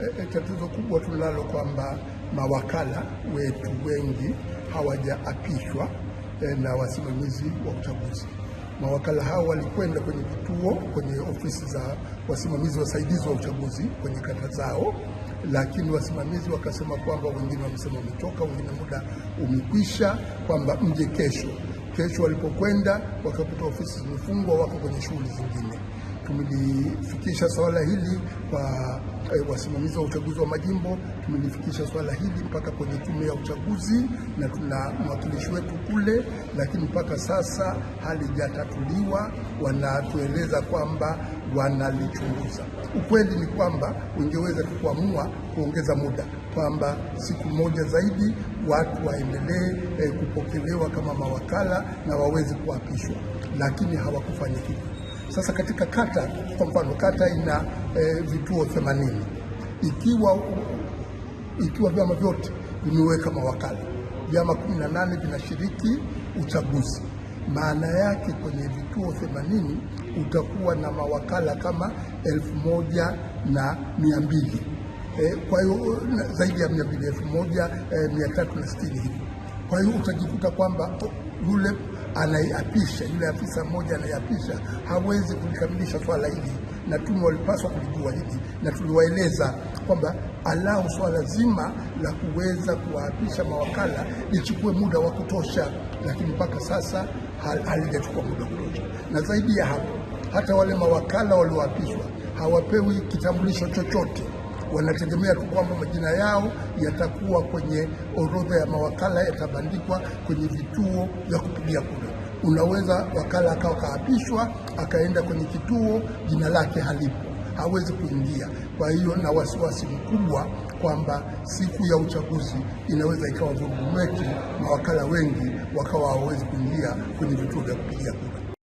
e, tatizo kubwa tulalo kwamba mawakala wetu wengi hawajaapishwa e, na wasimamizi wa uchaguzi. Mawakala hao walikwenda kwenye vituo, kwenye ofisi za wasimamizi wasaidizi wa uchaguzi kwenye kata zao, lakini wasimamizi wakasema kwamba wengine wamesema umetoka, wengine muda umekwisha, kwamba mje kesho. Kesho walipokwenda wakakuta ofisi zimefungwa, wako kwenye shughuli zingine. Tumelifikisha swala hili kwa Eh, wasimamizi wa uchaguzi wa majimbo, tumelifikisha swala hili mpaka kwenye tume ya uchaguzi na tuna mwakilishi wetu kule, lakini mpaka sasa hali haijatatuliwa. Wanatueleza kwamba wanalichunguza. Ukweli ni kwamba wangeweza kuamua kuongeza muda kwamba siku moja zaidi watu waendelee eh, kupokelewa kama mawakala na waweze kuapishwa, lakini hawakufanya hivyo. Sasa katika kata, kwa mfano kata ina e, vituo 80 ikiwa ikiwa vyama vyote vimeweka mawakala, vyama 18 vinashiriki uchaguzi. Maana yake kwenye vituo 80 utakuwa na mawakala kama elfu moja na mia mbili e, kwa hiyo zaidi ya mia mbili elfu moja e, mia tatu na sitini hivi. Kwa hiyo utajikuta kwamba yule anaiapisha, yule afisa mmoja anaiapisha, hawezi kulikamilisha swala hili, na tume walipaswa kulijua hili, na tuliwaeleza kwamba alau swala zima la kuweza kuwaapisha mawakala lichukue muda wa kutosha, lakini mpaka sasa halijachukua muda wa kutosha. Na zaidi ya hapo, hata wale mawakala walioapishwa hawapewi kitambulisho chochote wanategemea tu kwamba majina yao yatakuwa kwenye orodha ya mawakala, yatabandikwa kwenye vituo vya kupigia kura. Unaweza wakala akawa kaapishwa, akaenda kwenye kituo, jina lake halipo, hawezi kuingia. Kwa hiyo na wasiwasi mkubwa kwamba siku ya uchaguzi inaweza ikawa vurugu mawakala wengi wakawa hawawezi kuingia kwenye vituo vya kupigia kura.